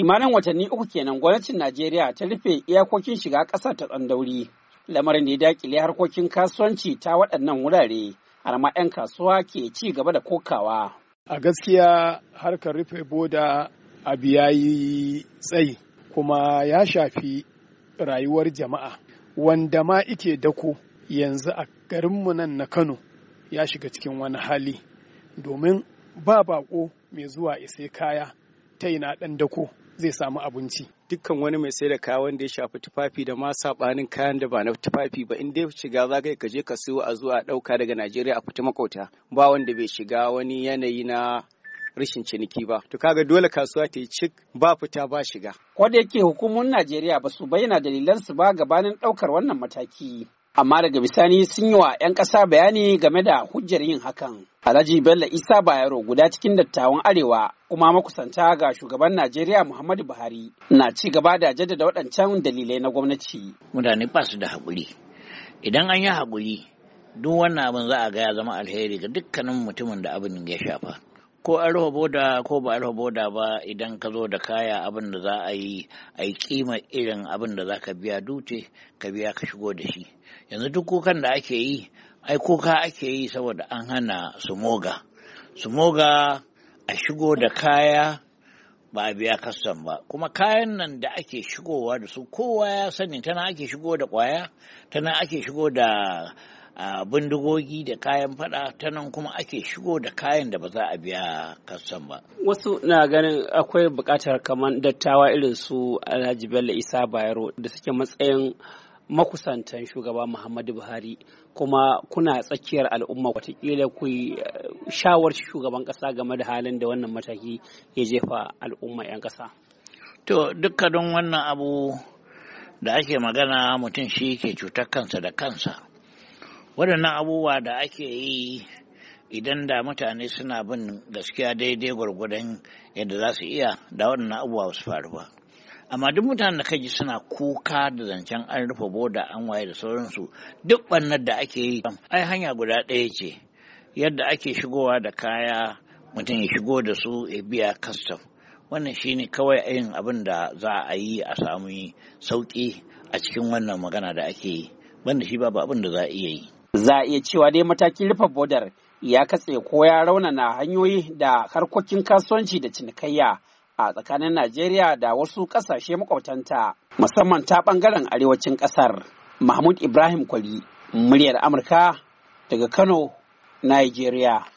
kimanin watanni uku kenan gwamnatin Najeriya ta rufe iyakokin shiga ƙasa ta tsandauri. Lamarin ne dakile harkokin kasuwanci ta waɗannan wurare, har ma 'yan kasuwa ke ci gaba da kokawa. A gaskiya harkar rufe boda abu ya yi tsayi kuma ya shafi rayuwar jama'a wanda ma ike dako yanzu a garinmu nan na Kano ya shiga cikin wani hali domin ba bako mai zuwa isai kaya ta na ɗan dako zai samu abinci dukkan wani mai sai da kaya wanda ya shafi tufafi da ma sabanin kayan da ba na tufafi ba in ya shiga za ka je ka siyo a zuwa ɗauka daga Najeriya a fita makauta ba wanda bai shiga wani yanayi na rashin ciniki ba to kaga dole kasuwa ta yi cik ba fita ba shiga ko da yake hukumomin Najeriya ba su bayyana dalilan su ba gabanin ɗaukar wannan mataki amma daga bisani sun yi wa 'yan ƙasa bayani game da hujjar yin hakan. Alhaji Bello Isa Bayero guda cikin dattawan Arewa kuma makusanta ga shugaban Najeriya Muhammadu Buhari na ci gaba da jaddada waɗancan dalilai na gwamnati. Mutane ba su da haƙuri. Idan an yi haƙuri, duk wannan abin za a ga zama alheri ga dukkanin mutumin da abin ya shafa. ko an rufe boda ko ba a rufe boda ba idan ka zo da kaya abin da za a yi a yi kima irin abin da za ka biya dutse ka biya ka shigo da shi yanzu duk kukan da ake yi ai kuka ake yi saboda an hana su moga su moga a shigo da kaya ba a biya kastan ba kuma kayan nan da ake shigowa da su kowa ya sani tana ake shigo da kwaya tana ake shigo da bindigogi da kayan fada ta kuma ake shigo da kayan da ba za a biya kastan ba wasu na ganin akwai bukatar kamar dattawa irin su alhaji bello isa bayero da suke matsayin makusantan shugaba muhammadu buhari kuma kuna tsakiyar al'umma watakila ku shawarci shugaban kasa game da halin da wannan mataki ya jefa al'umma 'yan kasa to dukkanin wannan abu da ake magana mutum shi ke cutar kansa da kansa waɗannan abubuwa da ake yi idan da mutane suna bin gaskiya daidai gwargwadon yadda za su iya da waɗannan abubuwa su faru ba amma duk mutanen da kaji suna kuka da zancen an rufe boda an waye da sauransu duk ɓannar da ake yi ai hanya guda ɗaya ce yadda ake shigowa da kaya mutum ya shigo da su ya biya kastam wannan shine kawai ayin abin da za a yi a sami sauƙi a cikin wannan magana da ake yi banda shi babu abin da za a iya yi za a iya cewa dai matakin rufe bodar ya katse ko ya raunana hanyoyi da harkokin kasuwanci da cinikayya a tsakanin najeriya da wasu ƙasashe makwabtanta musamman ta ɓangaren arewacin ƙasar mahmud ibrahim kwali muryar amurka daga kano Najeriya.